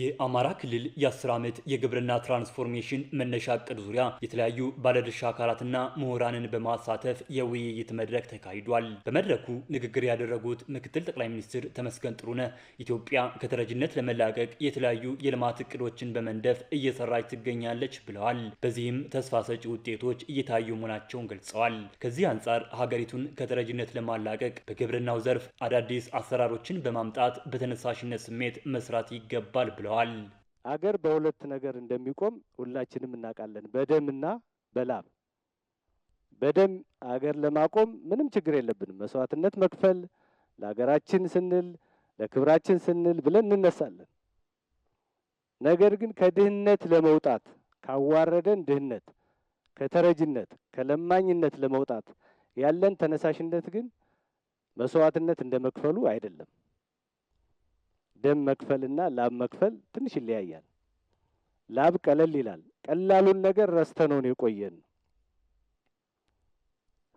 የአማራ ክልል የ10 ዓመት የግብርና ትራንስፎርሜሽን መነሻ እቅድ ዙሪያ የተለያዩ ባለድርሻ አካላትና ምሁራንን በማሳተፍ የውይይት መድረክ ተካሂዷል። በመድረኩ ንግግር ያደረጉት ምክትል ጠቅላይ ሚኒስትር ተመስገን ጥሩነህ ኢትዮጵያ ከተረጅነት ለመላቀቅ የተለያዩ የልማት እቅዶችን በመንደፍ እየሰራች ትገኛለች ብለዋል። በዚህም ተስፋ ሰጪ ውጤቶች እየታዩ መሆናቸውን ገልጸዋል። ከዚህ አንጻር ሀገሪቱን ከተረጅነት ለማላቀቅ በግብርናው ዘርፍ አዳዲስ አሰራሮችን በማምጣት በተነሳሽነት ስሜት መስራት ይገባል ብለዋል። አገር በሁለት ነገር እንደሚቆም ሁላችንም እናውቃለን፣ በደምና በላብ። በደም አገር ለማቆም ምንም ችግር የለብንም። መስዋዕትነት መክፈል ለሀገራችን ስንል ለክብራችን ስንል ብለን እንነሳለን። ነገር ግን ከድህነት ለመውጣት ካዋረደን ድህነት ከተረጅነት ከለማኝነት ለመውጣት ያለን ተነሳሽነት ግን መስዋዕትነት እንደ መክፈሉ አይደለም። ደም መክፈልና ላብ መክፈል ትንሽ ይለያያል። ላብ ቀለል ይላል። ቀላሉን ነገር ረስተ ነው የቆየን።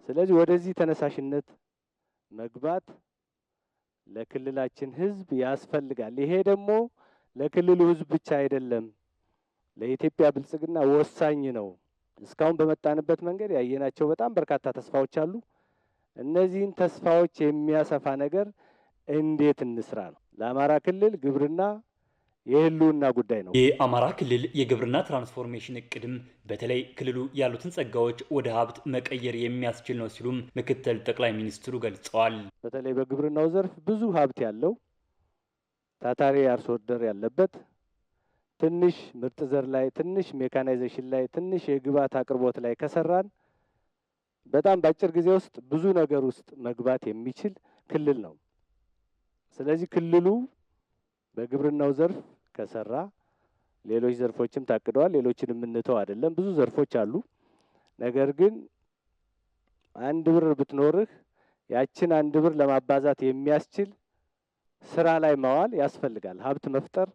ስለዚህ ወደዚህ ተነሳሽነት መግባት ለክልላችን ህዝብ ያስፈልጋል። ይሄ ደግሞ ለክልሉ ህዝብ ብቻ አይደለም፣ ለኢትዮጵያ ብልጽግና ወሳኝ ነው። እስካሁን በመጣንበት መንገድ ያየናቸው በጣም በርካታ ተስፋዎች አሉ። እነዚህን ተስፋዎች የሚያሰፋ ነገር እንዴት እንስራ ነው። ለአማራ ክልል ግብርና የህልውና ጉዳይ ነው። የአማራ ክልል የግብርና ትራንስፎርሜሽን እቅድም በተለይ ክልሉ ያሉትን ጸጋዎች ወደ ሀብት መቀየር የሚያስችል ነው ሲሉም ምክትል ጠቅላይ ሚኒስትሩ ገልጸዋል። በተለይ በግብርናው ዘርፍ ብዙ ሀብት ያለው ታታሪ አርሶ አደር ያለበት ትንሽ ምርጥ ዘር ላይ፣ ትንሽ ሜካናይዜሽን ላይ፣ ትንሽ የግብዓት አቅርቦት ላይ ከሰራን በጣም በአጭር ጊዜ ውስጥ ብዙ ነገር ውስጥ መግባት የሚችል ክልል ነው። ስለዚህ ክልሉ በግብርናው ዘርፍ ከሰራ ሌሎች ዘርፎችም ታቅደዋል። ሌሎችን የምንተው አይደለም። ብዙ ዘርፎች አሉ። ነገር ግን አንድ ብር ብትኖርህ ያችን አንድ ብር ለማባዛት የሚያስችል ስራ ላይ ማዋል ያስፈልጋል። ሀብት መፍጠር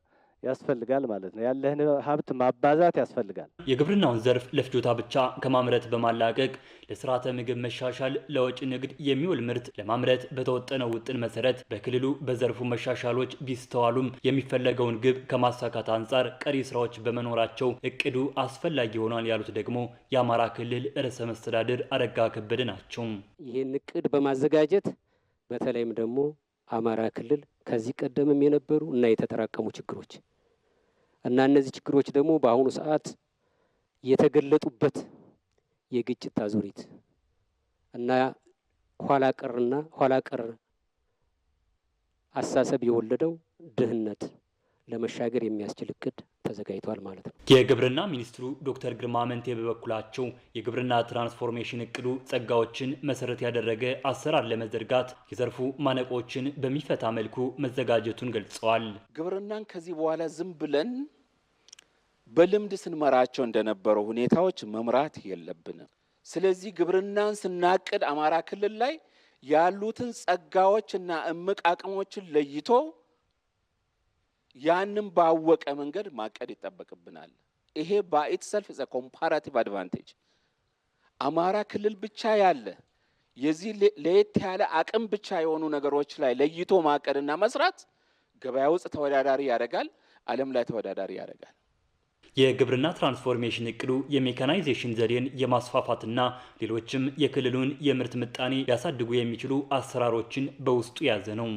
ያስፈልጋል ማለት ነው። ያለህን ሀብት ማባዛት ያስፈልጋል። የግብርናውን ዘርፍ ለፍጆታ ብቻ ከማምረት በማላቀቅ ለስርዓተ ምግብ መሻሻል፣ ለወጪ ንግድ የሚውል ምርት ለማምረት በተወጠነው ውጥን መሰረት በክልሉ በዘርፉ መሻሻሎች ቢስተዋሉም የሚፈለገውን ግብ ከማሳካት አንጻር ቀሪ ስራዎች በመኖራቸው እቅዱ አስፈላጊ ሆኗል ያሉት ደግሞ የአማራ ክልል ርዕሰ መስተዳድር አረጋ ከበደ ናቸው። ይህን እቅድ በማዘጋጀት በተለይም ደግሞ አማራ ክልል ከዚህ ቀደምም የነበሩ እና የተጠራቀሙ ችግሮች እና እነዚህ ችግሮች ደግሞ በአሁኑ ሰዓት የተገለጡበት የግጭት አዙሪት እና ኋላ ቀርና ኋላ ቀር አሳሰብ የወለደው ድህነት ለመሻገር የሚያስችል እቅድ ተዘጋጅቷል ማለት ነው። የግብርና ሚኒስትሩ ዶክተር ግርማ አመንቴ በበኩላቸው የግብርና ትራንስፎርሜሽን እቅዱ ጸጋዎችን መሰረት ያደረገ አሰራር ለመዘርጋት የዘርፉ ማነቆችን በሚፈታ መልኩ መዘጋጀቱን ገልጸዋል። ግብርናን ከዚህ በኋላ ዝም ብለን በልምድ ስንመራቸው እንደነበረው ሁኔታዎች መምራት የለብንም። ስለዚህ ግብርናን ስናቅድ አማራ ክልል ላይ ያሉትን ጸጋዎችና እምቅ አቅሞችን ለይቶ ያንም ባወቀ መንገድ ማቀድ ይጠበቅብናል። ይሄ ባኢት ሰልፍ ዘ ኮምፓራቲቭ አድቫንቴጅ አማራ ክልል ብቻ ያለ የዚህ ለየት ያለ አቅም ብቻ የሆኑ ነገሮች ላይ ለይቶ ማቀድና መስራት ገበያ ውስጥ ተወዳዳሪ ያደርጋል፣ ዓለም ላይ ተወዳዳሪ ያደርጋል። የግብርና ትራንስፎርሜሽን እቅዱ የሜካናይዜሽን ዘዴን የማስፋፋትና ሌሎችም የክልሉን የምርት ምጣኔ ሊያሳድጉ የሚችሉ አሰራሮችን በውስጡ የያዘ ነው።